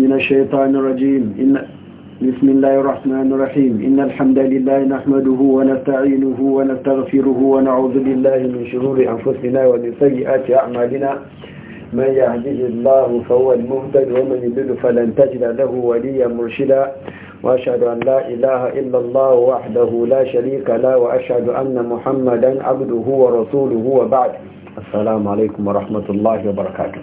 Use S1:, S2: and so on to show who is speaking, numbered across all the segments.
S1: من الشيطان الرجيم إن بسم الله الرحمن الرحيم إن الحمد لله نحمده ونستعينه ونستغفره ونعوذ بالله من شرور أنفسنا ومن سيئات أعمالنا من يهده الله فهو المهتد ومن يضل فلن تجد له وليا مرشدا وأشهد أن لا إله إلا الله وحده لا شريك له وأشهد أن محمدا عبده ورسوله وبعد
S2: السلام عليكم ورحمة الله وبركاته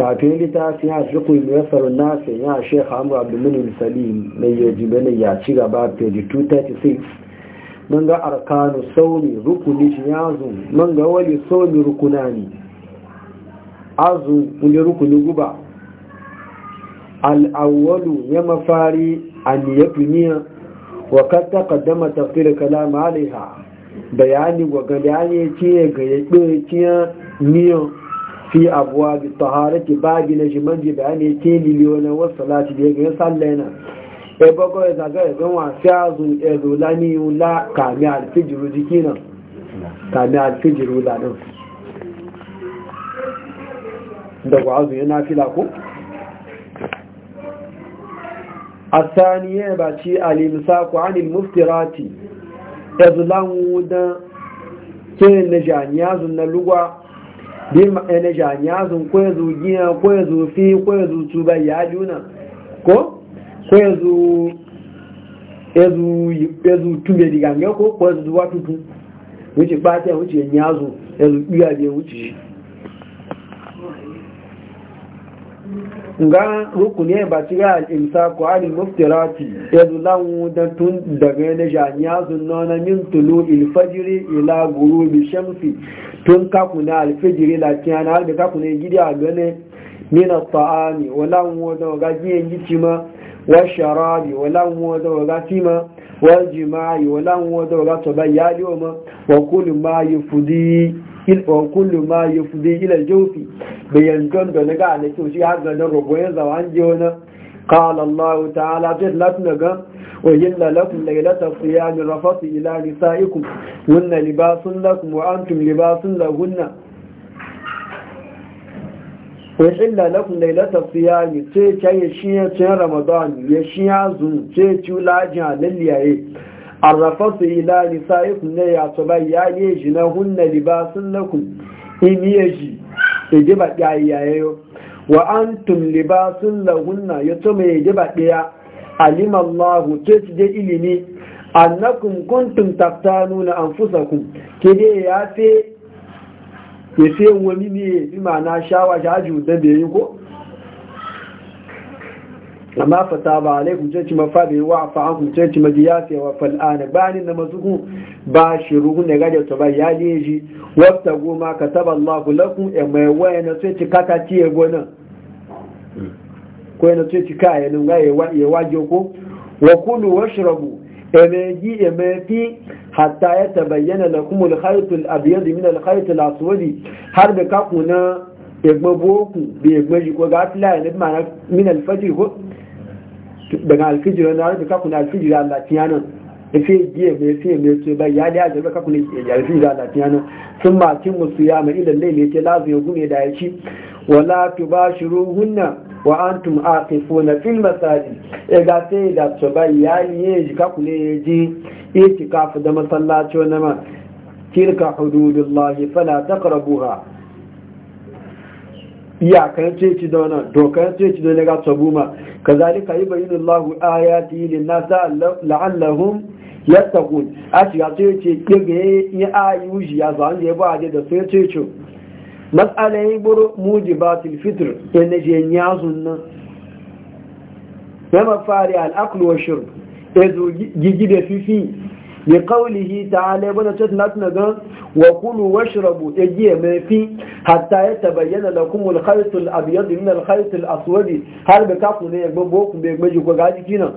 S1: kafin littafi ya fi na muyassar nasi ya shekha amur abdullin salim na yaji ya ci gaba page 236 man ga arkanu sauni rukuni shi ya zun man ga wali sauni rukunani azun kundin rukuni guba al'awwalu ya mafari a ya tuniya wa kan tafi da kalama alaiha bayani wa ga bayani ce ga ya ciyan niyan fi abuwa bi taharati babi na jimanji bayani ke miliyonin wasu salati da ya gani sallena ya bago ya zaga ya zan wasu ya zo ya zo lani la kami alfijiru jiki nan kami alfijiru da yana fila ko الثانية باتي الإمساك عن المفترات إذ na دا كين نجانياز Lugwa. bi ma'ana janyazun ko ya zo giya ko ya fi ko ya tuba ya juna ko ko ya zo ya tube tume diga ko ko ya zo watutu wuce ba ta wuce yanyazo ya zo biya biya wuce shi ga rukuni ba ci ga al'imsa ko alil muftirati ya zulan da tun daga yana janiya zunno na min tulu ilfajiri ila guru shamsi tun kakuna alfajiri lafiya na harbi kakuna gidi a gane mina ta'ami wala wada waga jiyan gici ma wa sharabi wala wada waga tima wa jima'i wala wada waga tabayyali wa ma wa kullu ma yufdi wa kullu ma yufdi ila al-jawfi bayan don da naga ne to shi har ga dan robo ya zawan je wani qala Allah ta'ala fi latna ga wa yalla lakum laylata siyam rafatu ila nisaikum hunna libasun lakum wa antum libasun lahunna wa illa lakum laylata siyam ce ce shi ce ramadan ya shi azu ce ci lajin laliyaye arrafatu ila nisa'ikum ne ya to bai ya ne shi na hunna libasun lakum in yi shi ya ba yayi yayo wa antum libasun lahunna yato mai yaje ba daya alima Allah ce ci da ilimi annakum kuntum taftanuna anfusakum kide ya fe ya sai wani ne bi ma'ana shawa shaju da bai yi ko amma fata ba alaikum sai ci mafabi wa fa ankum sai ci majiyasi wa fal ana bani masu mazuku ba shiruhu ne gaje to ba ya leji wata goma ka taba Allah lakum ya mai waya na sai ci kaka ci e gona ko na sai ci kaya nan ga ya waje ko wa kulu shirabu ya mai ji ya mai fi hatta ya tabayyana lakum al-khayt al-abyad min al-khayt har da kakuna egbogbo okun bi egbogbo ko ga afila ya nabi ma'ana min alfajir ko daga alfijira na rufe kakuna alfijira latiya nan ife biye mai fiye mai ce bai ya da jabe kakuna alfijira latiya nan sun makin musu ya mai ilan lai ce lazu ya gume da ya ci wala tu ba shiru hunna wa an kifo na fil masaji e ga sai da to bai ya yi ji kakuna ya ji itikafu da masallaci wani ma tilka hududullahi fala taqrabuha iyakar ceci da wani dokar ceci da ga tabu ma ka yi bayin allahu ayati lin nasa la'allahum yattaqun a shiga ceci kige ya ayu shi ya zan je ba je da sai ceci mas'ala yi buru mujibatil fitr yana je nyazun nan ya mafari al-aklu wa shurb gigi da fifi bi qawlihi ta'ala bana ta tunatuna ga wa kulu washrabu yajiya ma fi hatta yatabayyana lakum al-khayt al-abyad min al-khayt al-aswad har ba kafu ne ga ku be gbaji ko gaji kina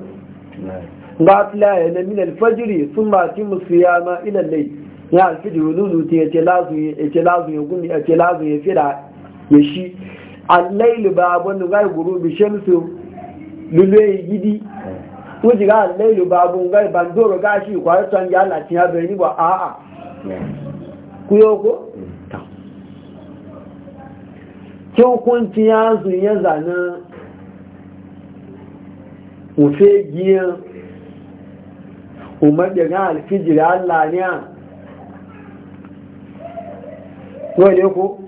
S1: ba tla ya min al-fajr thumma timu siyama ila al-layl ya al-fajr nunu ti ya tilazu ya tilazu ya gumi ya tilazu ya fira ya shi al-layl ba wani ga guru bi shamsu lulu ya gidi wuce ga lailu ban doro ga shi ya Allah tin a a ku yo ko ki hukunci ya zu ya zana mu fe giya umar da ga alfijir Allah ne a wale ko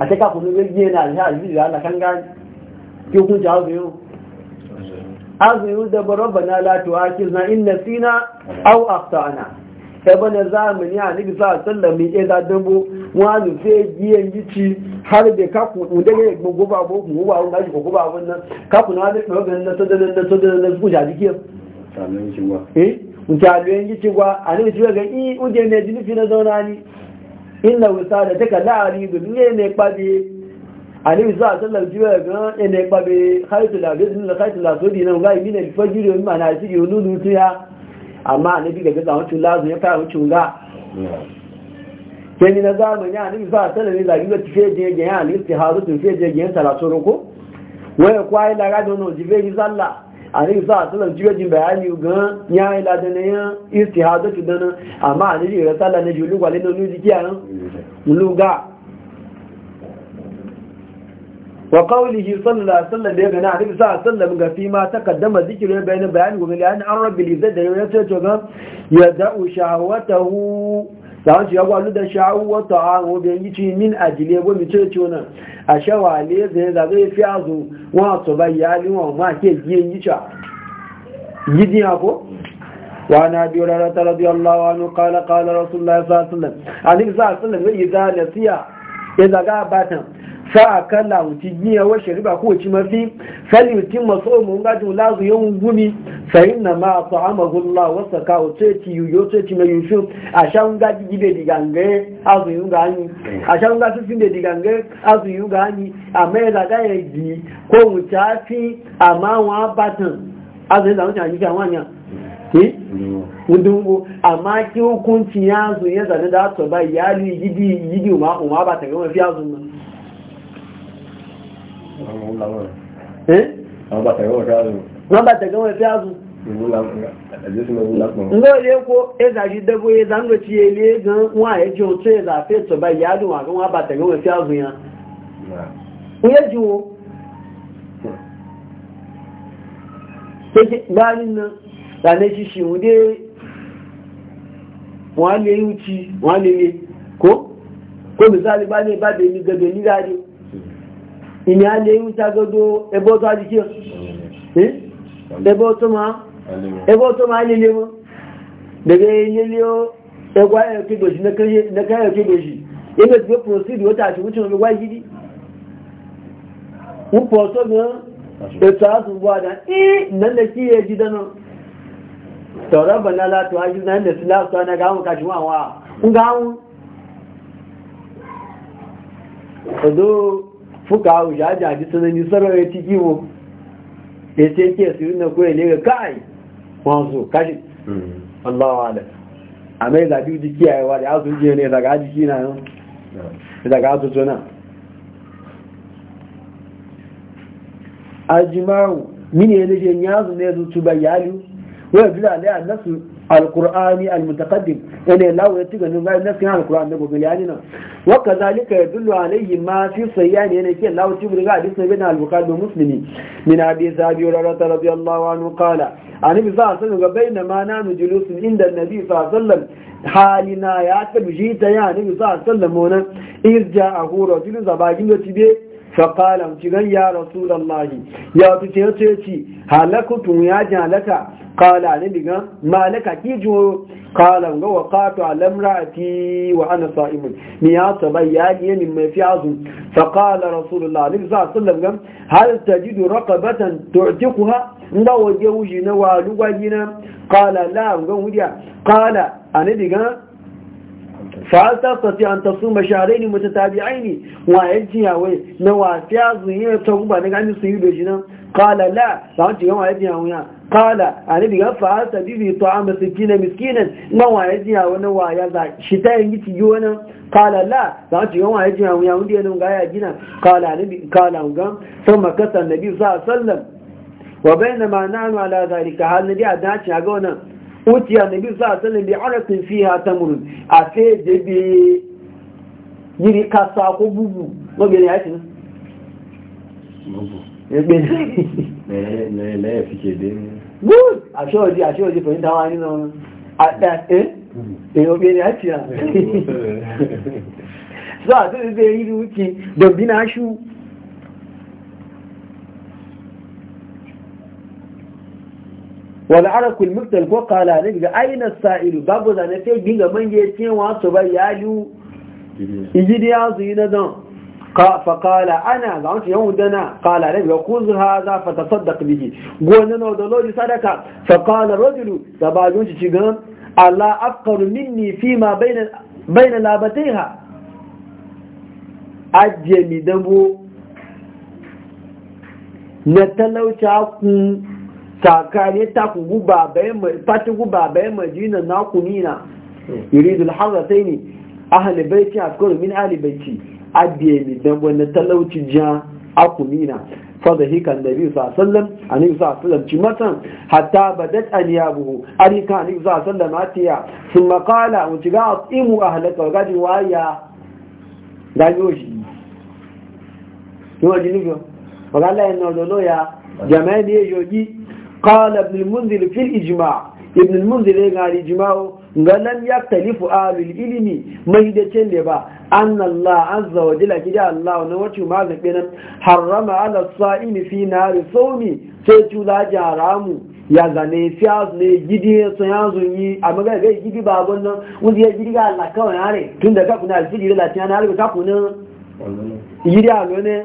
S1: a ta kafin nuna biye na alha aljihu da alakan gani ke hukunci azuyu azuyu da barabba na latu akil na inna sina au aftana ta bane zamani a sa sallar mai ƙe zaɗin bu wani sai giyan gici har kaku ko guba kaku na wani ɗogan na sodanin na sodanin na sukuta jikiyar eh mutane yanki cewa a nufi cewa ga i uje ne jini na zauna ni inna da take la'ari bi ne ne pabe ani wisa sallallahu jiwa ga ne pabe khaitu la bizin la khaitu la sodi na ga mi ne fajiri mi mana shi yululu tuya amma ne bi ga ga wancin lazu ya fara wancin ga kemi na zamani ya ni wisa sallallahu la jiwa tife je je ya ni istihadu tife je je salatoro ko waya kwai la ga dono jive sallah a ne sa asalar jibajin bayani gan ya yi ladana ya isti ha zai dana amma a nishi ga sallah na julu gwale na nuji kiyayen luga wa qawlihi sallallahu alaihi wasallam da gana annabi sallallahu alaihi wasallam ga fi ma takaddama zikru bayani bayani wa min an rabbi da zada ya ce to ga yada'u shahwatahu zawon ci ya gwalu da sha'u wata a obin yi min a jile gomi ce ce a shawa ne zai zai fi azu wọn su bai ya ni ma ke yi ca gidi ya ko وعن ابي هريره رضي الله عنه قال قال رسول الله صلى الله عليه وسلم عليه الصلاه والسلام اذا ya zaga batan fa akalla wuti giya wa shariba ko ci mafi fali wuti maso mu ga ju lazu yun gumi fa na ma ta'amahu Allah wa saka wuce ci yuyo ce ci mai yushu a shan ga ji be digange azu yun ga ni a shan ga su be digange azu yun ga ni a mai da ga yi ko wuta fi amma wa batan azu da wuta ni kan wanya ke udungu amma ki hukunci ya zo ya zane da to ba yali gidi gidi ba ta gama fiya zo nan ngo le ko e za ji debo ti e ele gan wa e jo te za fe to ba yali wa gan wa ba yan sàlẹ̀ ṣíṣì wọ́n dé wọ́n lè ń ti wọ́n lè lè kó kó mìsáàlì bá lè bá bèèrè gẹ̀gẹ̀ níláàrí ìní a lè ń sagodo ẹbọ́ tó adìkí ẹbọ́ tó máa lè lè mọ́ gẹ̀gẹ̀ ilé ẹgbà ẹ̀kẹ́gbèjì wáyé yìí wọ́n pọ̀ sọ́gbọ́n ètò àtúnbọ̀ àdá ẹ́ nẹ́lẹ̀ kí ẹ tọ̀rọ̀ bọ̀nà látọ̀ ajínà ilẹ̀ sí látọ̀ ẹnẹ́gà àwọn kàṣíwà wà ńgá wọn ọdọ́ fúkà òṣàájá àti sinani sọ́rọ̀ etí kí wọn ètí kí ẹ̀sì rí nàkó ilé rẹ̀ káàì wọn zò káṣì aláwọ̀lẹ̀ àmẹ́ ìlàbí ojú kí àìwà rẹ̀ áàtò jẹ́ ní ìdàgá ájú na náà ويدل عليها النص القرآني المتقدم يعني لا يتقن غير النص القرآن نقول يعني وكذلك يدل عليه ما في صيان يعني كي لا تبرغ حديث بين البخاري ومسلم من حديث أبي هريرة رضي الله عنه قال عن النبي صلى الله عليه وسلم بينما نحن جلوس عند النبي صلى الله عليه وسلم حالنا يا تبجيت يعني النبي صلى الله عليه وسلم إذ جاءه رجل زباجين وتبيه faƙala ci gan ya rasulallahi ya wato ya ce halakutun ya ji halaka ƙala ne digan malaka ki jiwo ƙala ga wa ƙato alamra'ati wa ana sa'imun ni ya saba ya yi mai fi azun faƙala rasulullah ne za a sallam hal ta ji dora ƙabatan tortiku ha nga waje wuji na walu gwaji na ƙala la gan ƙala a ne fa'al ta sati an ta suma shaharaini mutatabi'aini wa yajiya wai na wasiya zuwa ta guba na gani su yi da shi nan qala la sa'an ci gama yajiya wuya qala anabi ga fa'al ta bibi ta'am sikina miskinan ma wa yajiya na wa ya za shi ta yin gici yi wani qala la sa'an ci gama yajiya wuya wanda ya nunga ya gina qala anabi qala ga sama kasan nabi sallallahu alaihi wasallam wa bainama nahnu ala zalika hal nabi a dace ga wannan utiya nabi sallallahu alaihi bi arafin fiha tamrun a sai bi yiri kasa ko bubu no bi ne ya tin bubu ebe
S2: ne ne ne fike de
S1: good ni no a ne e so a yiri uti wal arakul muktal ko kala ne ga aina sa'ilu babu zane sai giga manje cewa to bai yalu da ya zuyi na dan fa kala ana ga wancan yawon dana kala ne ga kuzu ha za fa tasaddaq bihi gona na da lodi sadaka fa kala rajulu da ba gunci ci gan Allah afqaru minni fi ma bayna bayna labataiha ajje mi dambo na talauta kun tsakani ta ku guba bayan fati guba bayan majina na ku nina yuridu alharratai ne ahli baiti afkaru min ahli baiti adiye mi dan wannan talauci ja aku nina fa da hikan da bi sa sallam ani sa sallam ci matan hatta badat an yabuhu ani ka ani sa sallam atiya thumma qala wa a imu ahlaka gadi waya gajo yi yo jini go wala eno lo ya jama'a ne ya yi قال ابن المنذر في الإجماع ابن المنذر قال إجماع لم يختلف أهل العلم مهدة لبا أن الله عز وجل كجاء الله نوته ما ذكرنا حرم على الصائم في نار صومي سيتو لا جارامو ya zane fiyaz ne gidi sun yanzu yi a magagai gidi ba wannan wanda ya gidi ga Allah kawai ne. tun da kafin alfijiri da tiyan hare ka kuna gidi a lone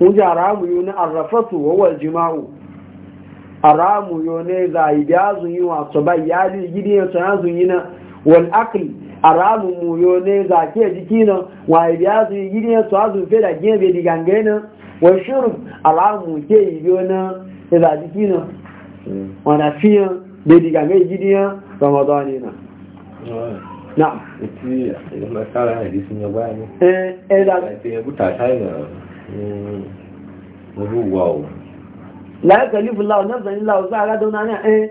S1: wanda yi na arrafasu wa jima'u haramu yo ne za yi da zunyi wasu bai ya ji gidi ya na Wani akli haramu mu yo ne za ke jiki na wa yi zunyi gidi ya tsaya zun fe da gina bai digange na wal shuru haramu ke yi yo na ya za jiki na Wani fiye bai digange gidi ya ramadani na na ya bayani eh eh da ya mm, buta la kalifu Allah nafsan illa wusa ga dauna na eh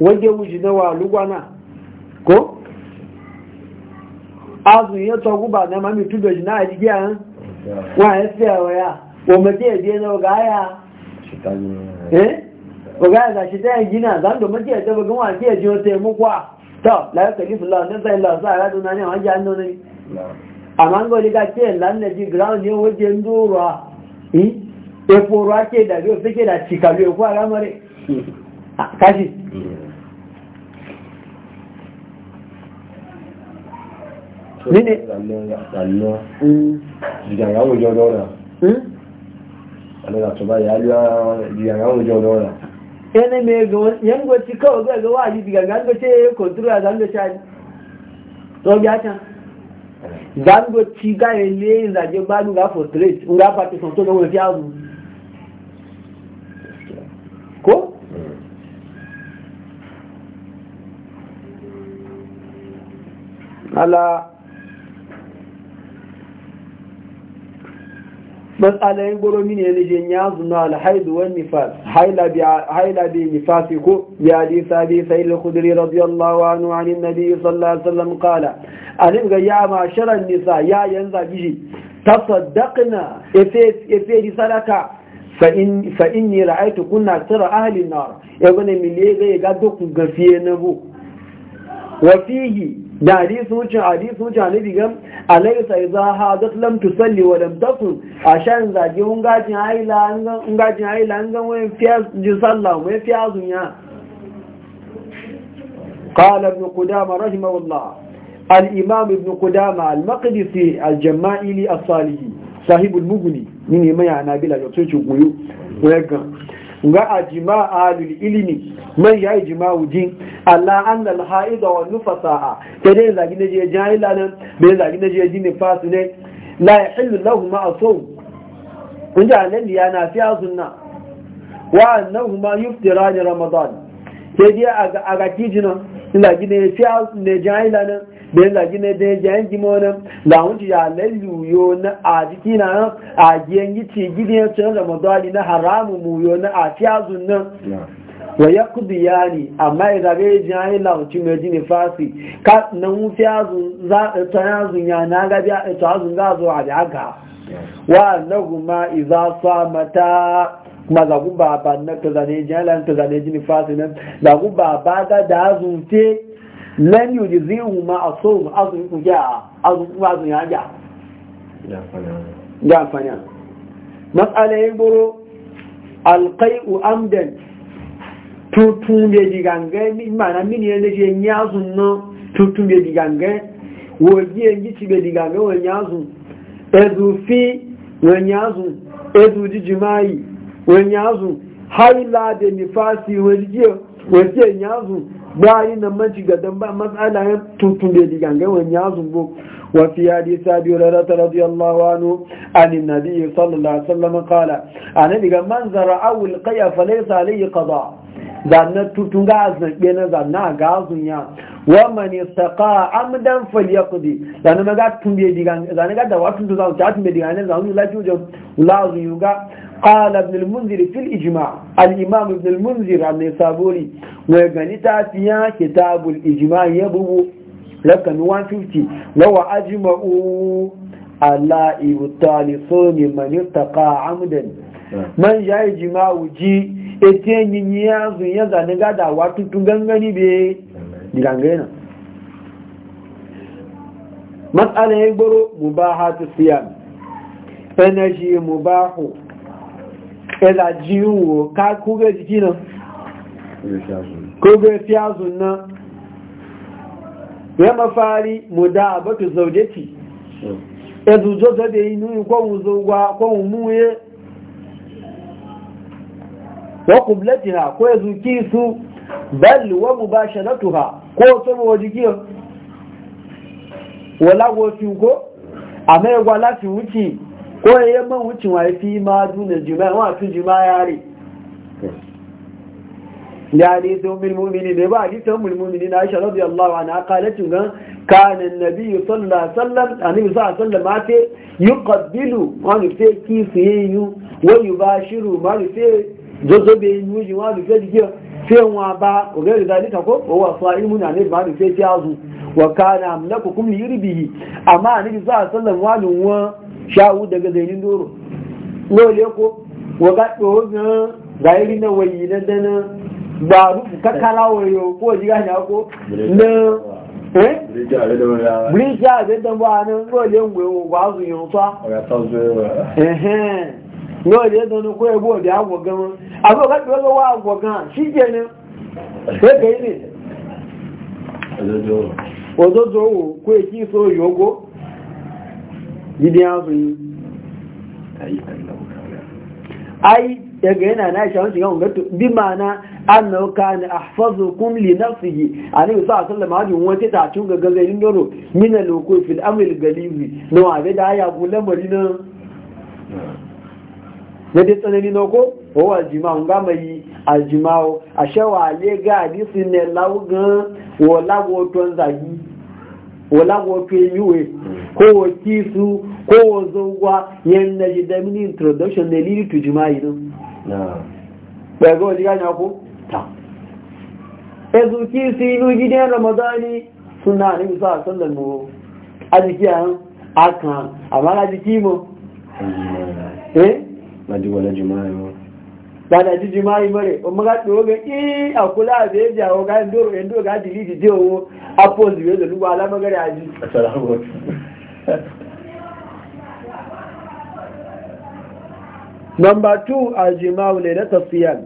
S1: waje wuji da wa lugwana ko azu ya to guba na mami tudo a dige an wa ya tsaya wa ya o na ga ya eh o ga ga shi ta gina zan do mace ta bugun eforo ake dàbí òfíkè dà tìkàlù ẹ̀kú àrámọ́rẹ̀ káṣì
S2: nínú ìjàyàwó ìjọ lọ́rà àlọ́rà tó bá yà á lọ́rà ìjàyàwó ìjọ lọ́rà
S1: ẹni mẹ́gbọ́n yẹn gbọ́tí kọ́ ọgbẹ́gbẹ́ wà yìí dìgbàgbà gbọ́tí kòtúrò àgbàgbẹ́ta lọ́gbẹ́ àtàn ga ile gbádùn ga for ń gá pàtàkì tó lọ́wọ́ ìfẹ́ àrùn ko ala matsalayin goromi ne na jin ya zuna alhaidu wa nifas haila bi nifasi ko ya ji sabi sai al-khudri radiyallahu anhu an nabi sallallahu alaihi wasallam qala alim ga ya ma sharan nisa ya yanza biji tasaddaqna ife ife sadaka fa'inni ra'aitu kuna tsira ahalin nar ya gane miliye zai ga dukkan gafiye na bu fihi da hadisi wucin hadisi wucin halibi gam alaisa iza ha zat lam tusalli wa lam takun a shan zage un gajin haila an gajin haila an gan wayan fiya ji sallah wayan fiya zunya qala ibn qudama rahimahullah al imam ibn qudama al maqdisi al jama'ili as salihi sahibul muguni ni ne maya ana bila da tsoci goyo wega ga ajima alul ilimi man ya ijima wujin Allah an lal haida wa sa'a. sai dai zagi na je jahila nan bai zagi na je jini fasu ne la yahillu lahum ma asaw kun ja nan ya na fiya sunna wa annahuma yuftirani ramadan sai dai aga aga tijina ila gine fiya ne jahila nan bai zagi na dai jayan gimonin da hunci ya lalluyo na a jiki na a giyan yi ce gidan cin ramadani na haramu mu yo na a fiyazun nan wa ya kudu ya ne amma ya zabe jiya yi lauci mai jini fasi ka na wufi azun za a tsanazun ya na gabi a tsanazun za a zo a daga wa na guma iza sa mata kuma zagu baba na ta zane jiya lan ta zane jini fasi nan zagu baba ga da azun te lan yujzihu ma asum azun kuja azun azun ya ja ya fanya ya fanya mas'ala yi boro alqai'u amdan tutunge be digange mi mana min ne ne je nyazun no tutun be digange woji enji ti be digange wo nyazun edu fi wo nyazun edu jijimai wo nyazun haila de nifasi wo jije wo je nyazun bayan nan manci ga dan ba matsala ya tuntun da ji gangan wani ya zumbo wa da hadisi abi hurairah radiyallahu anhu an nabi sallallahu alaihi wasallam qala annabi ga man zara'u alqaya falaysa alayhi qada zanna tutun ga azan be na zanna a azun ya wa man istaqa amdan falyaqdi zanna ga tun be digan zanna ga da watun da za ta tun be digan zanna la قال ابن المنذر في الإجماع الإمام ابن المنذر عن نيسابوري ويغنيتا فيها كتاب الإجماع يبو لكن 150 لو أجمعوا على إبطال صوم من ارتقى عمدا من جاء إجماع جي etiyen yin yanzu ya zane gadawa بي gangani be digangana matsala الصيام فنجي mubahatu ẹ̀là jí wò ká kúrò jíjí náà kúrò fíázùn náà ya mafari mu da abatu zaujeti ya zuzo ta da yi nuni kwanwu zauwa ha ko ya zuki su bal wa ba shanatu ha ko to mu wala a mai gwala ko ya yi man wucin wa fi ma duna jima'i wa fi jima'i yare ya ne sun mulmumini ne ba a ni sun mulmumini na aisha radiyallahu na qalat gan kana an-nabi sallallahu alaihi wasallam annabi sallallahu alaihi wasallam te yuqabbilu wa ni te kifiyu wa yubashiru ma ni te jojo be yuji wa ni te dikiyo sai wa ba o ga da ni ta ko o wa sa'imun ne ba ni te azu wa kana amlakukum li yurbihi amma annabi sallallahu alaihi wasallam wa sha'u daga zainin doro lole ko waga ɗoho na zahiri na wayi na dana ba rufu kakala wayo ko ji gani ako na eh bridge a zai dan ba nan lole ngwe wo ba su yin fa lole don ko e bo da agwo gan abu ka ɗoho wa agwo gan shi ke ne sai kai ne ozozo wo ko e ki so yogo bidiyan su yi ai daga yana na shawun shiga ungatu bi maana mana annahu kana ahfazukum li nafsihi ani sa sallama hajin wata ta tun ga gaza yin doro min loko wuqu fil amr al-galibi no abe da ya ko lamari na na dai tsanani na ko o aljima'u ga mai aljima'u a shawa le ga hadisi ne lawgan wala go ton zagi wala go pe yiwe kowa kisu kowa zogwa yadda ji damini introduction na lili tu jima'i nan ɗaga wajen gani ku? ta ezu kisu inu gidan ramadani suna ne sa sallan mu a jiki a yan aka amma a jiki mu
S2: na ji wani jima'i mu
S1: ba na ji jima'i mare o maga ɗogo ga ii eh, a kula da ya jawo ga yin doro yin doro ga owo, jewo a pozi yanzu lugu alamagari a ji Number two, aljima'u ne na tafiyan.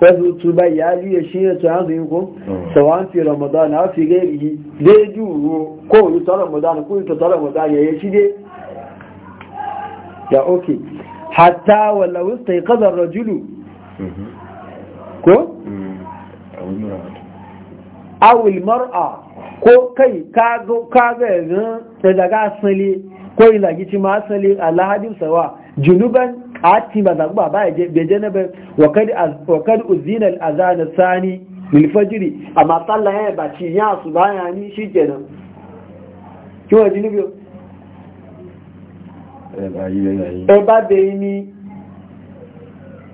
S1: Wasu tu bai ya liya shi ne su hanzu yi ko? Sawan fi Ramadan, a fi gairi dai duro ko yi ta Ramadan ko yi ta ta Ramadan ya yi shi dai. Ya oke. Hatta wala wusta yi kazar rajulu. Ko? Awil mar'a ko kai kaga yanzu ta daga asali ko ila gici ma asali alhadin sawa junuban ati ba zagu ba ya je janaba wa wa kad uzina al-azan sani lil fajr amma sallah ya ba ci ya su ba ya ni ki wa junubi
S2: eh,
S1: ba da eh, ni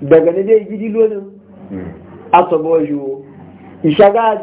S1: daga ne dai gidi lodin hmm. asobo yo ishaga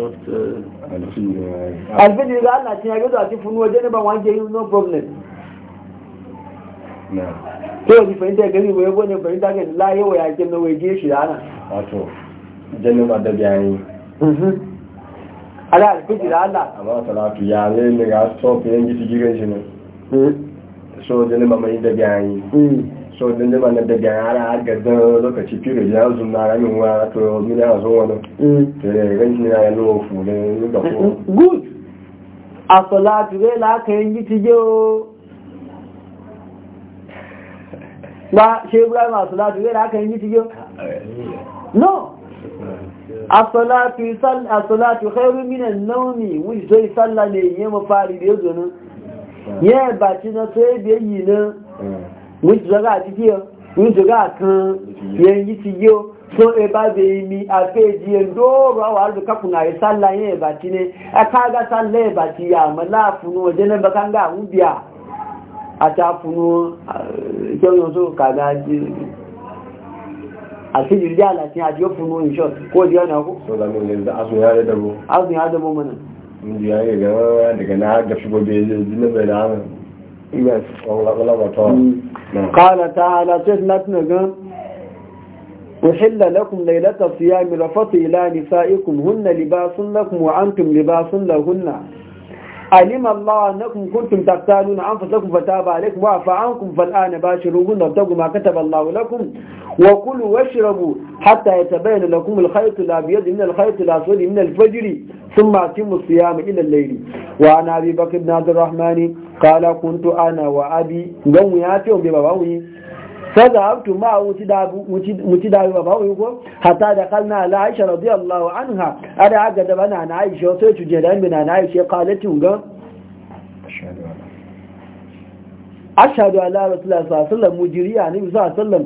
S2: alfijir
S1: ga Allah cin yage a cikin waje ne ban wanke yi no problem ko yanzu fahimta gari wai bane fahimta ga la yawa ya kin wai je shi ana
S2: wato jannin ba da bayani mhm.
S1: ala alfijir Allah amma salatu
S2: ya ne ne ga stop yan gidi gigan shi ne mhm. so jannin ba mai da bayani mhm. so din da mana da yara har gadda lokaci firo ya zo na ramin wa to min ya zo wani to ne ran ni ya lo fu ne da kuma.
S1: good a salatu la yi tije o ba she ibrahim a salatu ga la kan yi no as-salatu sal as-salatu khayrun min an-nawmi wuj zai fari da yazo nan ye ba ci na sai yi nan wíjì lọ́gá àdídí ọ wíjì lọ́gá kan yẹn yí ti yíó tó ẹbá bẹ mi àfẹ́jì ẹ̀ lóòrò àwọn alùkápù náà ìsálà yẹn ẹ̀bà tí ní ẹka sálà ẹ̀bà tí yà mọ́ láàfúnú náà bàkà gà àwọn bíà àti ìjọyọ̀ tó kàgá di قال تعالى تثنتنا وحل لكم ليلة الصيام رفض إلى نسائكم هن لباس لكم وعنتم لباس لهن علم الله أنكم كنتم تقتالون أنفسكم فتاب عليكم وعفى عنكم فالآن باشروهن وابتغوا ما كتب الله لكم وكلوا واشربوا حتى يتبين لكم الخيط الأبيض من الخيط الأسود من الفجر ثم أتموا الصيام إلى الليل وعن أبي بكر بن عبد الرحمن قال كنت أنا وأبي قوم ياتيهم ببواوي فذهبت معه متداوي بابا يقول حتى دخلنا على عائشة رضي الله عنها أنا عقد أنا عن عائشة وصيت جهلان من عن عائشة قالت يقول أشهد على رسول الله صلى الله عليه وسلم مجري عن النبي صلى الله عليه وسلم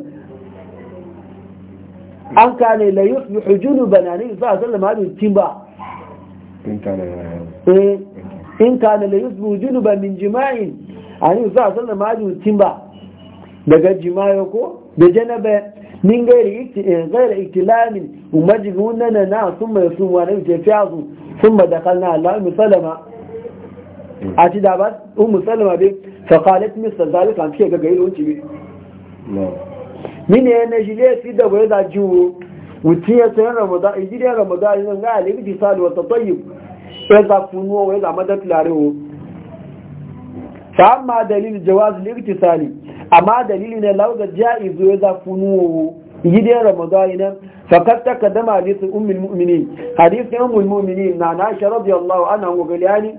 S1: أن كان لا يصبح جنبا عن النبي صلى الله عليه وسلم هذا التنبع إن كان لا يصبح جنبا من جماع عن النبي صلى الله عليه وسلم هذا التنبع daga jima'i ko da janaba min gairi eh, gairi iktilamin umajihuna na na sun mai sun wani ke fiyazu sun ma da na. Allah umu salama hmm. a ti da ba umu salama bai fakalit mista zalika an fiye ga ci wuce min mini yana shi ne fi da bai da jiwo mutum ya sayan ramadan ijiriyar ramadan yana ga alibi tisali wata tsayi ya zafunuwa ya zama da dalilin فأما دليل جواز الاغتسال amma dalili na lauda ja'izu ya za funuwo gidan ramadani nan fakat ta kaddama hadisi ummul mu'minin hadisi ummul mu'minin na na shi radiyallahu anha wa galiyani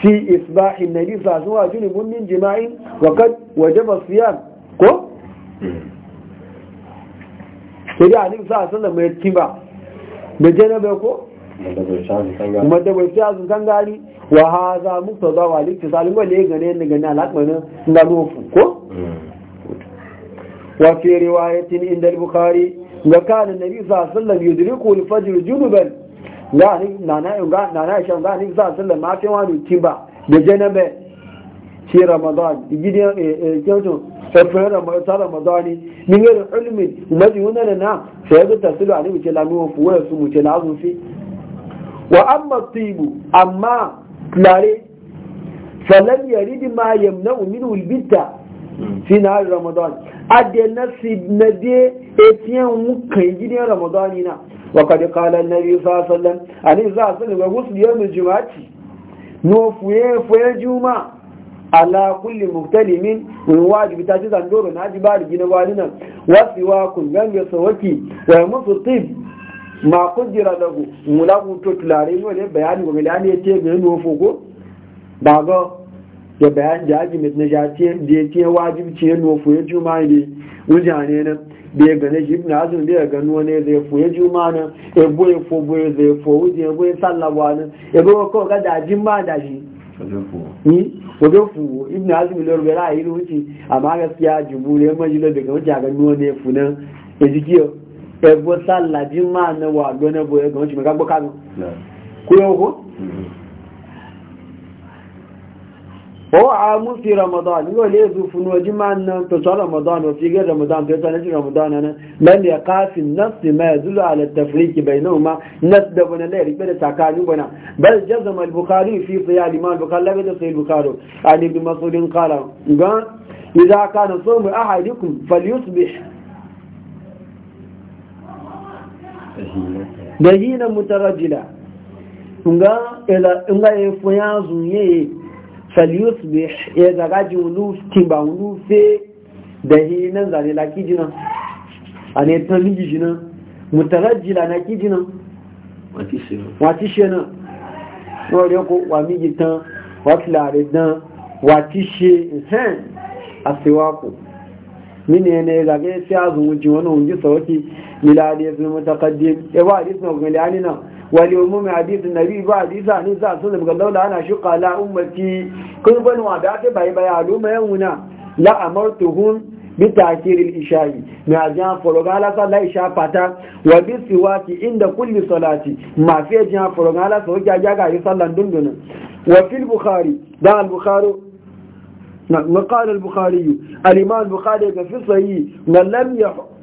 S1: fi isbahi nabi sa zuwa junubun min jima'in wa kad wajaba siyam ko sai da hadisi sallallahu alaihi wasallam ya tiba da janabe ko
S3: bai
S1: a zuzan gari wa ha za mu ta zawa likta zalim wale ya gane yadda gane alaƙmanin na nufu ko? Mm. wa fi riwayatin inda bukari ga kanin nabi sa sallam yudriku al-fajr junuban ga ni nana ga nana shan ga ni sa sallam ma fi wani tiba da janabe shi ramadan gidan eh, eh kyoto sai ramadan ta ramadan ni ne ulmi maji wannan na sai ga tasiru a mu ce lamu fuwa su mu ce na azufi واما الطيب اما ناري فلن يريد ما يمنع منه البتة في نهار رمضان أدينا سيدنا دي اتين ممكن جديا رمضاننا وقد قال النبي صلى الله عليه وسلم أنه صلى الله عليه وسلم وغسل يوم الجمعة نوفوين فوين الجمعة على كل مختلفين من واجب تاجد عن دور ناجبار جنوالنا وسواكم جنب صوتي ومص الطيب ma kujira lagu mulagu to tulare ne ne bayani wa milani yace ga no fogo daga ya bayan jaji mit ne ja ce je ce wajibi ce no fo ya ne wujane ne be ga ne jibna azun be ga no ne zai fo ya juma ne e bo e fo da e zai fo wuje e bo sallawa ne e bo ko ga da jima da ni wajen fuwo ibn azumi lor bera a yi ruci amma gaskiya jubule majalisar daga wajen ga ne funan ezekiel ẹgbọ́ sálàjí máa wà lọ́nẹ́bọ̀ ẹgbọ́n jùmọ̀ gbọ́ kánú kú yóò ó a mú fi ramadan ní olè èzù fún ojú máa ní tòtò ramadan ò fi gẹ́ ramadan tó tọ́ sí ramadan náà mẹ́lẹ̀ káàfin nọ́ọ̀sì mẹ́ zúlọ alẹ́ tẹ̀fìríkì bẹ̀rẹ̀ náà ma nọ́ọ̀sì dẹ̀bọ̀nà lẹ́rí pẹ́lẹ̀ kala idan mu da hina mutarajila nga ila nga e foya zunye salius be e daga ji ulu timba ulu fe da hina zane la kijina ane tani jina mutarajila na kijina wati shena no le ko wa mi tan wa klare dan wati she hen asiwako mine ne zage fi azun ji wannan unji sauki إلى حديث متقدم إيه حديث نقول لعننا ولعموم حديث النبي وحديث عن نساء صلى الله عليه وسلم أنا شق على امتي كل بن وعدات باي بي علوم يونا لا امرتهم بتاخير العشاء ما جاء فرغالا صلى العشاء فتا وبالسواك عند كل صلاه ما في جاء فرغالا صلى جاء يصلى دندن وفي البخاري ده البخاري وقال البخاري الإمام البخاري في الصحيح لم يحق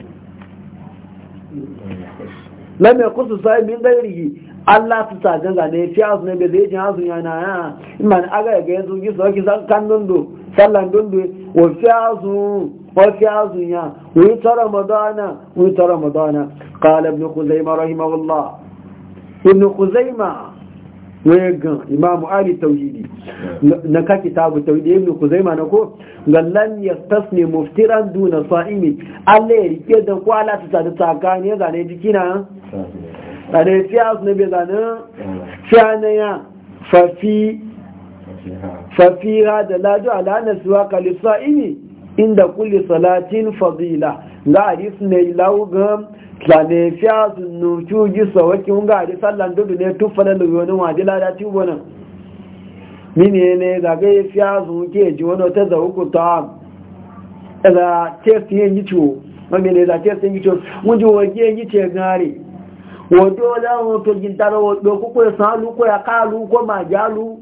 S1: lam yakusu sai min gairihi Allah su ta ganga ne fi asu ne be zai jin asu na. ya imma ne aga ga yanzu gi sauki san kan dondo sallan dundu, wa fi asu wa fi asu ya wa ta ramadana wa ta ramadana qala ibn khuzaimah rahimahullah ibn khuzaimah waya ga imam ali tauhidi na ka kitabu tauhidi ibn kuzaima na ko gallan yastasni muftiran duna sa'imi Allah ya rike da kwala ta da tsakani ya zane jikina a fiya su ne bai zane fiya ya fafi fafira da ladu ala nasuwa kalisa ini inda kulli salatin fadila ga hadis ne lawu zane fiya zunnu cuji sawaki mun ga hadisa sallan dudu ne tuffala da wani waje lada ci wani mini ne zaga ya fiya zun ke ji wani ta zahu ku ta da testi yin gicho Wani ne da testi yin gicho mun ji wani yin gice gari wato da wani to gintara wato kuku ya salu ko ya kalu ko majalu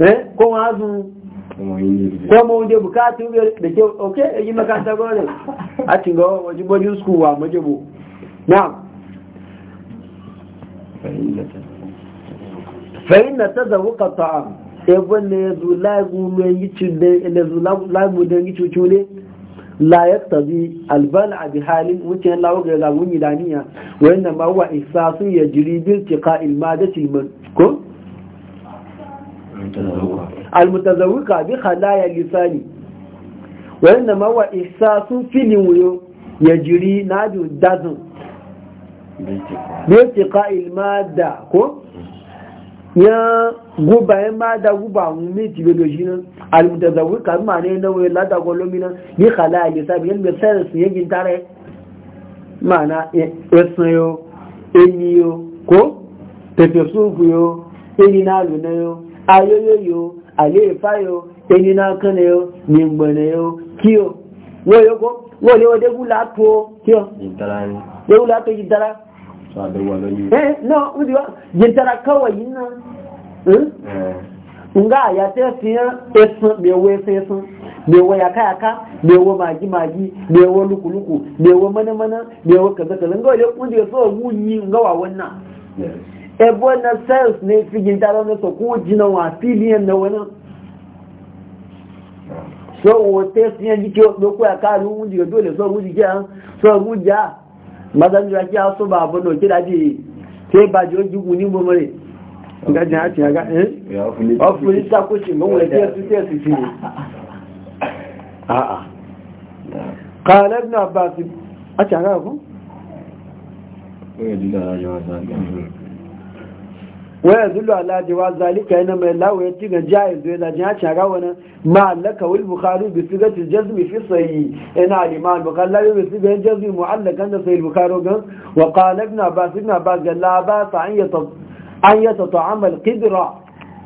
S1: eh ko mazun
S3: ko
S1: mu je bukatu da ke oke yi makanta gole a cin ga waje bodi usku wa maje bu na fa'in na ta zawuka ta'am ebon ne ya zo lagu don yi cucule la ya zi, albala a bihalin wucin lagu ga zagun idaniya wani nan ma wa isa sun ya jiri bil tiqa ilmadatil ko almutazawwika bi khalaya lisani wa inna ma wa ihsasu fi liwyo yajri nadu dadu bi tiqa'il madda ko ya guba ya mada guba mu miti be do jinan almutazawwika ma ne na wai lada golomina bi khalaya lisani yan be sai su yagin tare mana esan yo eni yo ko pepe sufu yo eni na lu na yo ayoyoyo alefayo enina kanayo nimbanayo kiyo wọ́n yóò kó wọ́n lé ọdẹ́gú látò kíọ́ lẹ́gú látò jìntara ẹ́ náà ń diwá jìntara kawa yi na, hmm? eh. nga ya tẹ́ fi hàn e ẹ̀sùn e mẹ́wọ́ e ẹ̀sùn ẹ̀sùn mẹ́wọ́ yakáyaka mẹ́wọ́ màjímàjí mẹ́wọ́ lukuluku mẹ́wọ́ mọ́nàmọ́ná mẹ́wọ́ kẹ̀kẹ́kẹ́ nga ọ̀lẹ́kùn dẹ̀ nga wa ebo na sales ne fi gida don nasa ko jina wa filiyan na wani so wote su yanzu ke wasu ko ya kalu wuji ga dole so wuji ke so wuji a mazan jira ke aso ba abu no kira ji ke ba ji oji guni bo mare ga jin eh? hati ya eh ta ko shi mun wani ke su ke
S3: su
S1: waya zulu ala jawa zalika yana mai lawa ya ci ga jayi zai da jiya ci ga wani ma'allaka wal bukhari bi sigati jazmi fi sayyi ina al-imam bukhari bi sigati jazmi mu'allakan da sayyi bukhari gan wa qala ibn abbas ibn abbas la ba ta an yata an yata ta'am al-qidra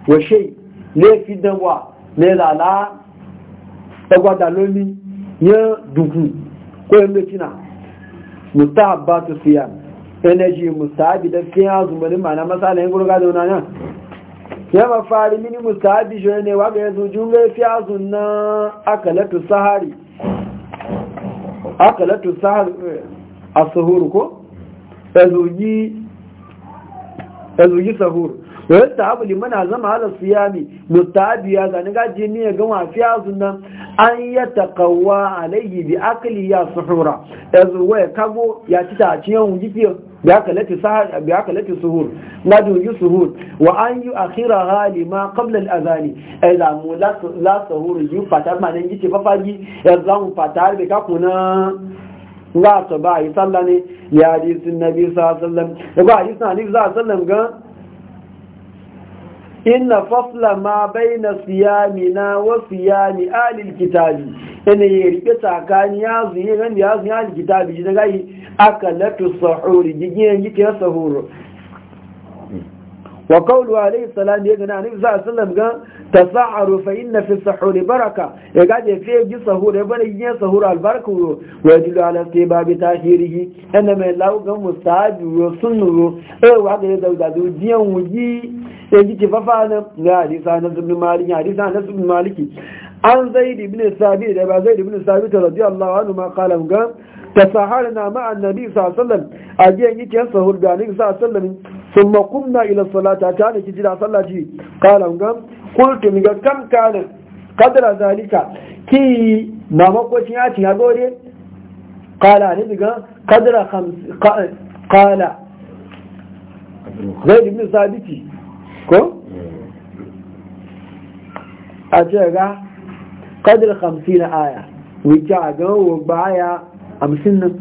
S1: wa shay ne fi dawa ne la la tagwada lomi ya duku ko yamma tina mutahabbatu siyam energy musabi da kiyan azumani mana masala yin gurga da wunana ya fari mini musabi shi ne waga yanzu jumle fi azun na akalatu sahari akalatu sahari eh, a sahuru ko? ezugi sahuru wani sahabu limana zama halar siyami mutabi ya zane gaji ne ya gama fi azun nan an yi takawa alayyi bi akali ya sahura ezuwa ya kago ya ci ta ciyan wujifiyar biyakalati suhur na duji suhur wa an yi akira hali ma kamlar azani a zamu la suhur yi fata ma nan gice fafagi ya zamu fata harbe kakuna za ta ba a yi sallane ya hadisun nabi sallallahu alaihi wasallam ba yi sallane za a gan inna fasla ma baina na wa siyami alil kitabi ina ya rike tsakani ya zuye ran ya zuye alil kitabi ji daga yi aka latu sahuri jigiyar yake sahuru wa qawlu alayhi salam ya gana annabi sallallahu alaihi wasallam ga tasa'aru fa inna fi sahuri baraka ya ga da fi ji sahur ya bari yin sahur albarku wa yadullu ala istibabi tahirihi anna mai lawo ga mustahabi wa sunnu eh wa ga da da dujiyan wuji ya ji tifafa na ga hadisa na ibn maliki hadisa na ibn maliki an zaid ibn sabit da ba zaid ibn sabit radiyallahu anhu ma qala ga tasaharna ma'a annabi sallallahu alaihi wasallam ajiyan yake sahur ga annabi sallallahu alaihi wasallam thumma ila salata ta ne kiji da ga zalika ki na ya ci ne 50 aya wita wa baya hamsin nan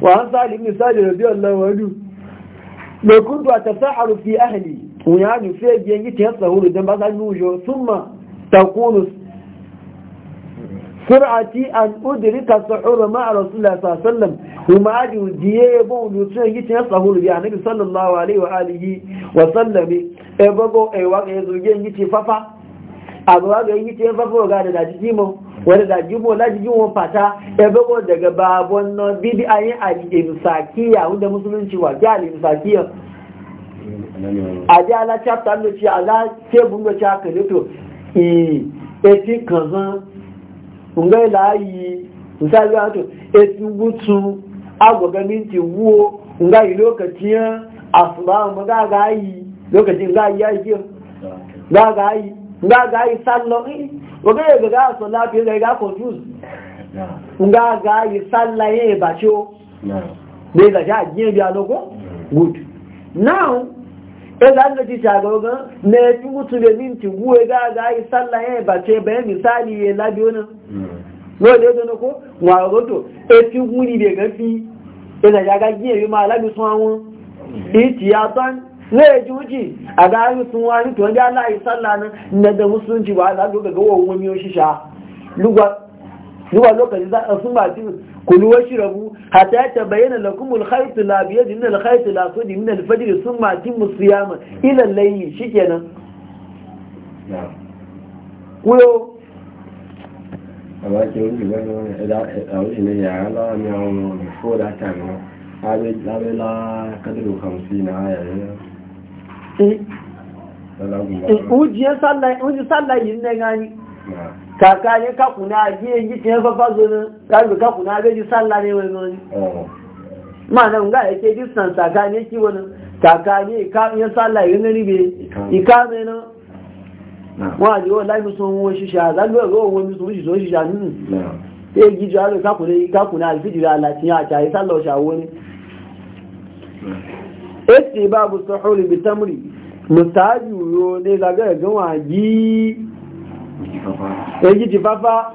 S1: wa an sa alimin sa'adu rabi Allah wa hadu mai kuntu a tasaharu fi ahli wuyanu sai biyan yi ta yasa huru don ba sa nujo sun ma takunu sur'ati an udrika suhur ma rasulullah sallallahu alaihi wasallam kuma aju diye bo lutun yi ta yasa huru ya nabi sallallahu alaihi wa alihi wa sallami e bago e wa ga yazo yi ta fafa a ga yi ta fafa ga da jimo wani da jibo la jigin wani fata ya bago daga babon na bidi a yin alimsakiya wanda musulunci wa ke alimsakiya a ji ala chapter da ce ala tebun da chaka ne to i eti kanzan ngai layi misali ya to eti wutu agwaga minti wuo ngai lokacin asuba mu ga ga yi lokacin ga yi ya yi ga ga yi ga ga yi sallo oge ya gaga so la bi ga confuse nga ga yi sallaye ba ci o
S3: ne
S1: da ja ji bi aloko good now e da an ji ta ga ga ne ti mutu min ti wu e ga ga yi sallaye ba ce ba misali ye la bi ona no le do ko wa rodo e ti wu ni be ga fi e da ja ga ji e ma àwọn iti atan ya ji wuce a ga ayu sun wani to wanda ana yi sallah nan na da musulunci ba za ga ga wani yoshi sha lugwa lokaci za a sun ba kuluwa shi rabu hata ya bayyana lakum al-khayt la biyar da min al-khayt la alfajir sun al musu thumma ilan layi shi kenan
S2: shikenan
S1: uji sallah yin na gani kaka ya kakuna yi yi ce fafa zonin ƙarfi na ga ji sallah ne wani wani ma'ana ga aka distance kaka ne ki wani kaka ya sallah yin na ribe ikame na wọ́n àti onwe láì musu wọn ṣíṣà lágbẹ́ ọ̀rọ̀ wọn musu wọn ṣíṣà ṣíṣà nínú tí èyí jù alẹ́ kakuna alfijira àlàtí esi babu sahuri bi tamri mustaji yo ne zaga ga waji yaji jifafa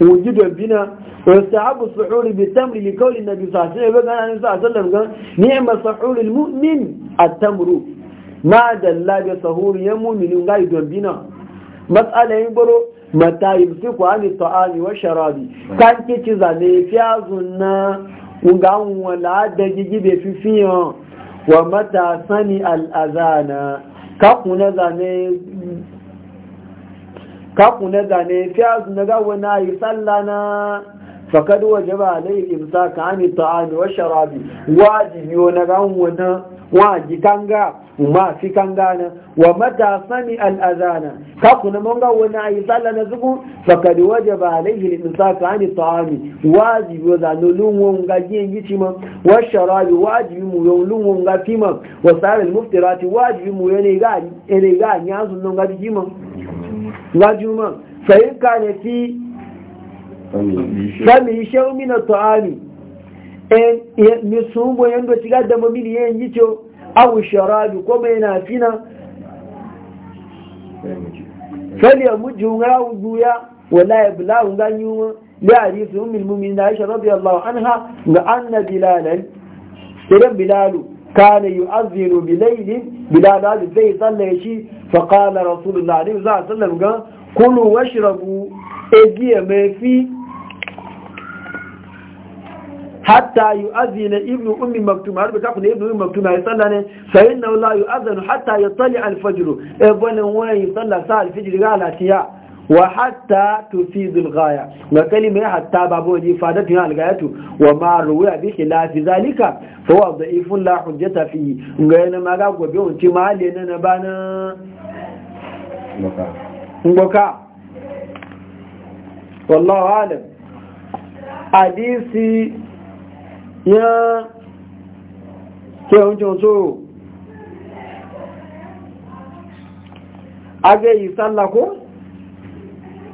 S1: wuji do bina wastahabu sahuri bi tamri li qawli nabi sallallahu alaihi wasallam ga sallam ga ni'ma sahuri al mu'min at tamru ma dalla bi sahuri ya mu'min ga do bina mas'ala yin boro mata yumsiku ani ta'ami wa sharabi kan kici zane fiyazun na nga wala da gigi be fifiyan wa mata sani al'azana na zane fi na ga na yi tsallana fakad waje ba na yi imsa ka hannu ta'ani wa sharabi wajibi wa na gawon wani wajibi kanga ma fi wa mata sami al'azana ka kuna monga ga wani na zugu fakad wajaba alayhi al insaq an ta'ami wajib wa zalulun won ga yi wa sharabi wajib mu yawlun won ga wa sal al-muftirati wajib mu yana gani ene gani nyazu non ga jima ga juma sai ka fi sami shau min ta'ami en mi sumbo yando ciga da mamili aw sharabi ko mai na fina fali ya muju ngawu duya wala ya bilawu ganyu ya hadithu ummul mu'minin Aisha radiyallahu anha ga na bilalan sai bilalu kana yu'adhdhinu Bilalu bilal zai tsalla ya shi fa qala rasulullahi sallallahu alaihi wasallam ga kulu washrabu egiye mai fi hatta yu'adhina ibnu ummi maktum har ba ku ne ibnu ummi maktum ya salla ne fa inna la yu'adhanu hatta yatali al-fajr e bane wani salla sa al-fajr ga latiya wa hatta tufidul ghaya wa kalimai hatta babu waje fadatu ya algayatu wa ma ruwiya bi khilafi zalika fa huwa dha'ifun la hujjata fi ngayana ma ga gobe on ci mahali ne na bana ngoka wallahu alam hadisi ya ke huncin so aga yi sallako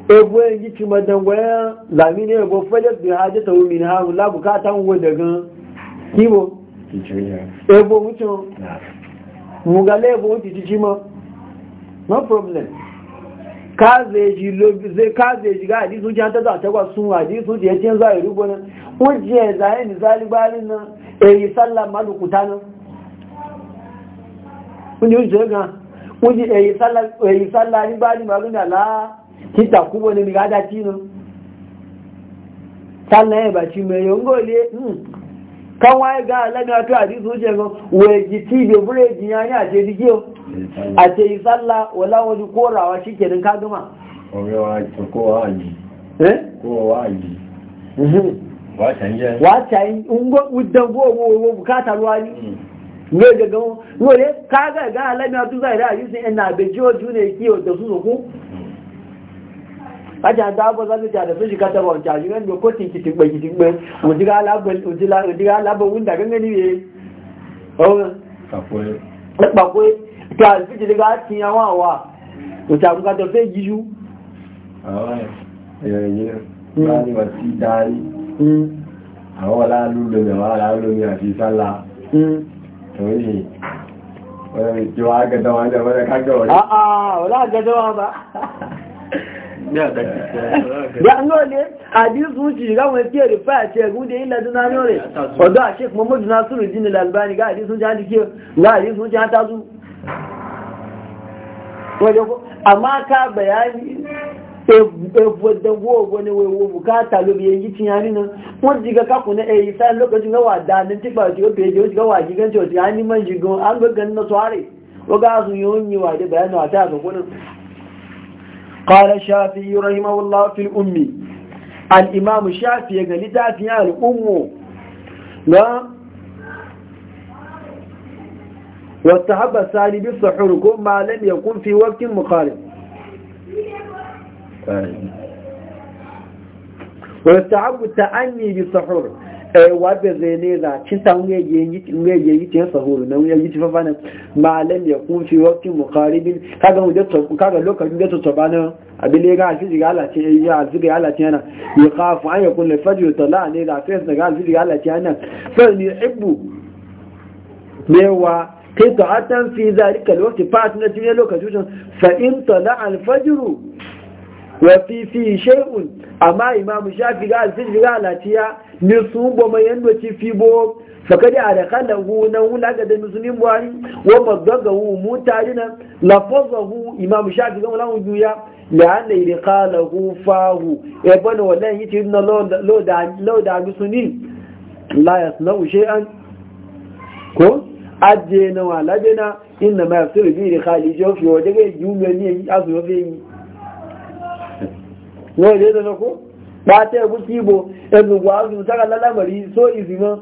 S1: egwu enyi ci madangwaya lamini egwu fajar bi hajji ta wumi na hagu labu ka ta wuwa daga kibo egwu mucin mugale egwu ti ci ma no problem kazeji lobize kazeji ga hadisu ji hanta za ta kwa sun hadisu ji yace za yi rubo nan wuje za yi misali balin nan e yi sallah malukuta nan wuje wuje ga wuje e yi sallah e yi ni balin ba gina la kita kubo ne mi ga da nan sallah e ba ci me kan waye ga alami a tuwa ji suje ga weji ti be bure ji ya ni a ce dike a ce yi sallah wala wani korawa shi kenan ka gama
S2: kowa yi kowa yi
S1: wata yi ungo udan gogo bukata ruwa ni mm. ne daga wani kaga ga alami a tuwa ji suje ga yi sun yana bejiyo june kiyo da su su ku mm. aja da ba za ta da su shiga ta ba ta jiran da ko tin kiti ba mm. kiti ba ujiga labo ujiga ujiga labo wunda gangani ne oh kakwe kakwe ta fiti daga tin yawa wa mm. to ta muka da fe jiju
S2: ah eh ni ni wa agẹ́dọ́wà
S1: jẹ́
S2: Gbàngọ́lé,
S1: àdísùn ti ráwọn ẹgbẹ́ èrè fà àti ẹ̀gún dé ilẹ̀ dúnà ní ọ̀rẹ́. Ọ̀dọ́ àṣẹ mọ́mọ́ dúnà súnrù jí nílẹ̀ albáni gá àdísùn já ní kí o, gá àdísùn já tásù. Àmá ká bẹ̀yà ẹgbẹ̀dẹ̀gbọ́ ọgbọ́ ni wọ́n bukata lórí èyí ti yà nínú. Wọ́n ti gẹ́gẹ́ kùnú èyí sáà lókòtí wọ́n wà dáa ní típa òtí ó pèjì ó ti gẹ́wà jígẹ́ tí ó ti á ní mọ́ قال الشافعي رحمه الله في الأمي الإمام الشافعي قال لتافيا الأم نعم واستحب الثاني بالسحور كون ما لم يكن في وقت مقارب آه. ويستحب التأني بالسحور wa da zai ne za ci ya yi ta sahuru na ngaye yi ta fafana malam ya kun fi wakti mukaribin kaga mu kaga lokacin da to bana abile ga shi ga Allah ce ya azuga ya Allah ce yana ya khafu an yakun la fajr tala ne da sai daga azuga ya Allah ce yana fa ni ibbu mewa kai ta atan fi zalika lokacin fa tun cikin lokacin fa in tala al wa fi fi shay'un amma imam shafi ga azuga ya Allah ne su bo mai yando ci fi bo fakadi a da kala hu na wula ga da musulmin buhari wa mazzaga hu mutari na lafazza hu imam shafi zan wala hudu ya ya na iri kala hu fahu ya e bane wannan yi ce na lauda musulmi la ya suna ushe an ko aje na wala na inda ma yafsiru bi iri kali jofi wa daga yi yi yi asu yofi yi. Wọ́n da na ko ba ta yabu kibo yanzu gwa su saka lalamari so izi ma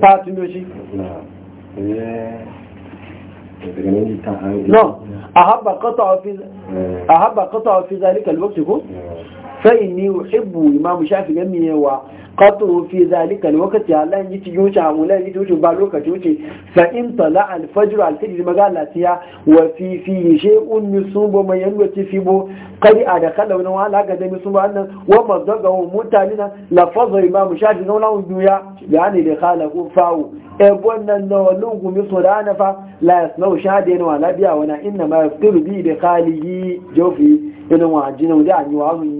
S2: Fátí hmm. ló eh. hmm. hmm. eh. eh.
S1: No, a haɓa kọ́ta ọ̀fí zalikal wọ́pṣe kó? fa’ini ohibu imamu shafi gami yawa ƙato fi zalika ne wakati allah yi ci a amu lai yi ci wuce ba lokaci wuce fa’in tala alfajiru alfajiru maga latiya wa fi fi yi sun bo mai yanzu ci fi bo kari a da kala wani wa alaka da sun ba annan wa mazda ga wa mutane na lafazo imamu shafi na wani duya ya ne da kala ko fawo e gwannan na wa lungu mi da ana fa la ya sinau shafi na wa labiya wani inna ma ya fi da kali yi jofi irin wa jinau da an yi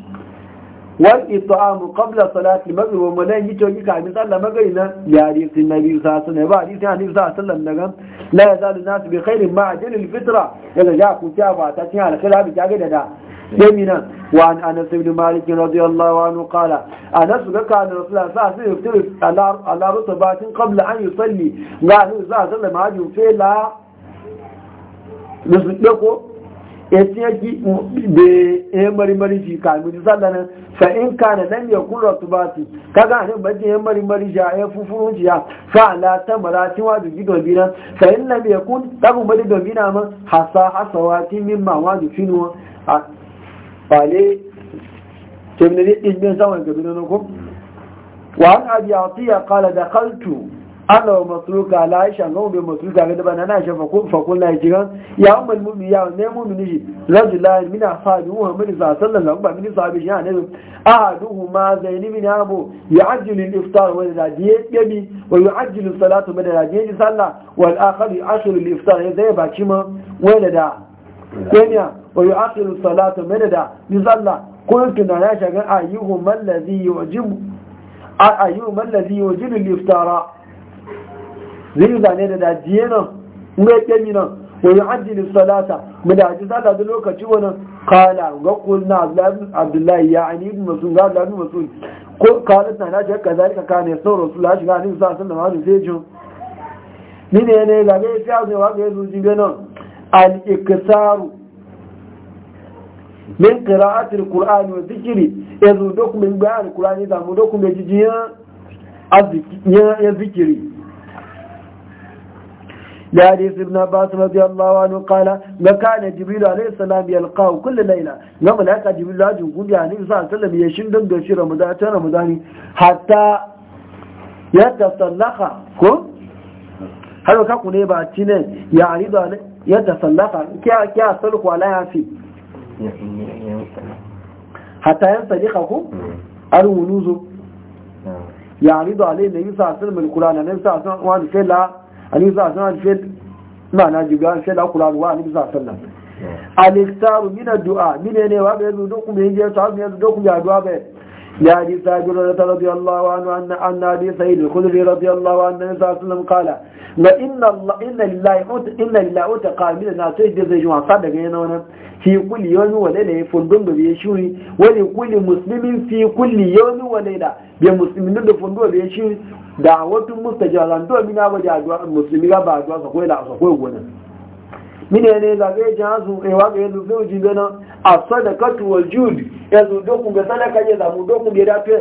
S1: والإطعام قبل صلاة المغرب ومن يجي من صلى مغربنا يا ريت النبي صلى الله عليه وسلم ريت النبي يعني صلى الله عليه وسلم نعم. لا يزال الناس بخير مع دين الفطرة إلا جاءكم تابع تاتي على خلاف جاكدا دا يمنا وعن أنس بن مالك رضي الله عنه قال أنس بك أن رسول الله صلى الله عليه وسلم يفترض على رطبات قبل أن يصلي قال صلى الله عليه وسلم عجل فيه لا نسلقه yace yake da ya mari mari shi ka mu sallana fa in kana lam yakun ratubati kaga ne baje eh mari mari ja eh fufurun ja fa la tamarati wa dugi dobina fa in lam yakun tabu bade dobina ma hasa hasawati mimma wa dufinu ale kemne ne din ben zaman gabe nan ko wa an abi atiya qala dakaltu ana wa matruka la aisha ga bai matruka ga dabana na shafa ko fa kullu ya jiran ya ummul mu'min ya ne mu'mini shi rajulan min ashabi muhammad sallallahu alaihi wasallam min sahabi ya ne ahaduhuma zaini min abu yu'ajjilu al-iftar wa radiye yabi wa yu'ajjilu salatu bada radiye sallah wal akhar yu'akhiru al-iftar ya zai baci ma wala da kenya wa yu'akhiru salatu bada da ni sallah kuntu na ya shagan ayyuhum allazi yujibu ayyuhum allazi yujibu al-iftara zai zane da dajiye nan in ga nan minan wa yu'ajjilu salata mu da ji sallah da lokaci wani kala ga qulna abdullahi ya ani ibn mas'ud ga abdullahi mas'ud ko kala tana ji haka zalika kana sau rasulullahi shiga ni sa san da ma sai jin ni ne ne ga ga sai ga wa ga zuji ga nan al iksaru min qira'atil qur'ani wa dhikri yazu dokum min bayan qur'ani da mu dokum da ya azzikiri لحديث ابن عباس رضي الله عنه قال ما كان جبريل عليه السلام يلقاه كل ليلة نعم لأكا جبريل عليه السلام يعني صلى الله عليه وسلم يشن دم دوشي رمضان رمضان حتى يتسلخ كم هل وكاكو نيبا تنين يعرض عليه يتسلخ كيا كيا سلخ ولا يعفي حتى ينسلخكم الونوز يعرض عليه النبي صلى الله عليه وسلم القرآن النبي صلى الله عليه وسلم ani za san fe ma da ani za min ad-du'a min ne wa ga yudu ku me je ta ne du'a يا حديث أبي هريرة رضي الله عنه أن أن أبي سعيد الخدري رضي الله عنه النبي صلى الله عليه وسلم قال إن الله إن لله إن لله أتقى من الناس يجزي جمع صدق هنا في كل يوم وليلة فندم بيشوري ولكل مسلم في كل يوم وليلة بمسلمين فندم بيشوري دعوة مستجابة من أوجه مسلمين بعد وسقوا إلى سقوا mine ne zage jazu e wa ga lu ji gana a sadaqatu wal jud ya zo doku ga sadaka ya zamu dokun ga dafe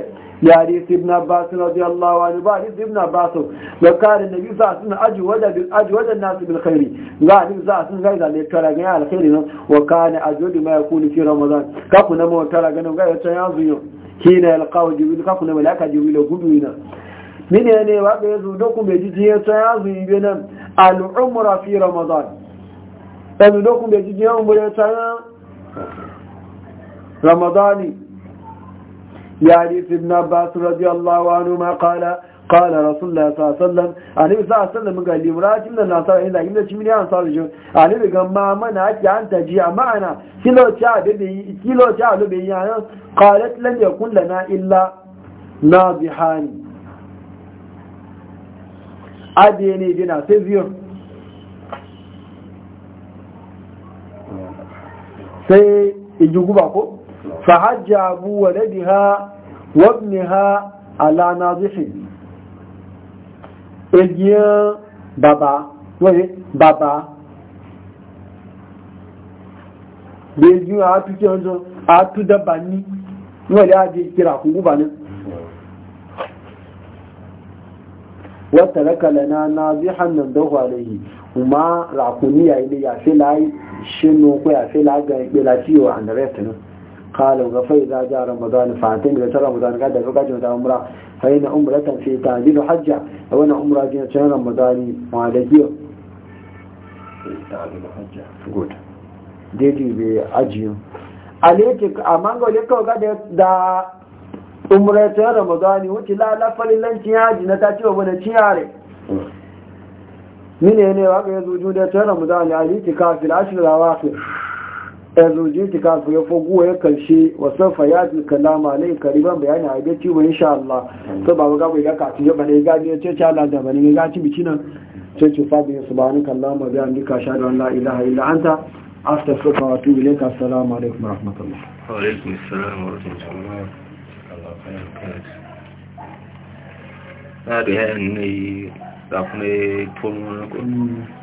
S1: ya na ibn abbas radiyallahu ne ba hadith ibn basu ga kare bi sa sun ajwada bil ajwada nas bil khair ga hadith sa sun ga ne tara ga al khair no wa kana ajwadu ma kuni fi ramadan kafu na mawa tara ganin no ga ya tan yazu yo kina yalqaw jibril ka kuna malaka gudu ina mine ne wa ga zo doku be ji ya tan yazu yi nan al fi ramadan ẹ̀mì ló kún lè jíjẹ ohun bóyẹ tsayan ramadani ya rí fi ibn abbas radiyallahu ma kala kala rasulullah sallam gina ma mana ake a ma'ana kiloci a lobe yi ya kulla na illa na zihani adiyani dina sai sai iji ba ko fa hajja abu waladiha wa ibniha ala nazihi ejiyan baba wani baba da ejiyan a tuke wanzu a tu daba ni wani a je kira kun guba ne wata raka lana nazihan nan dahu alaihi kuma rakuni yayi ne ya fi layi shinu ko ya sai laga ya ke lafiyo an da rest no qala wa fa idza ja ramadan fa atin da ramadan ga da ga da umra fa ina umratan fi ta'dil hajja wa ana umra jin ta ramadan ma da biyo
S2: ta'dil hajja
S1: good dai be ajiyo a amanga leka ga da umra ta ramadan wuce la la falilan ciyaji na ta ce wa bana ciyare mine ne waka ya zuju da tara mu da alhali tikafi al'ashir awaki ya zuju tikafi ya fogu ya wasu kalama kariban bayani a ibe ciwo insha Allah to ba ga bai ga kafin ya bane ga ne ce ta Allah da bane ga ci biki nan ce ce fa bi subhanaka allahumma bi amdika shahadu an la ilaha illa anta astaghfiruka wa atubu ilayka assalamu alaikum wa rahmatullah
S3: wa alaikum assalam wa rahmatullah Allah khairan kana da yayin ne da kuma ya yi tono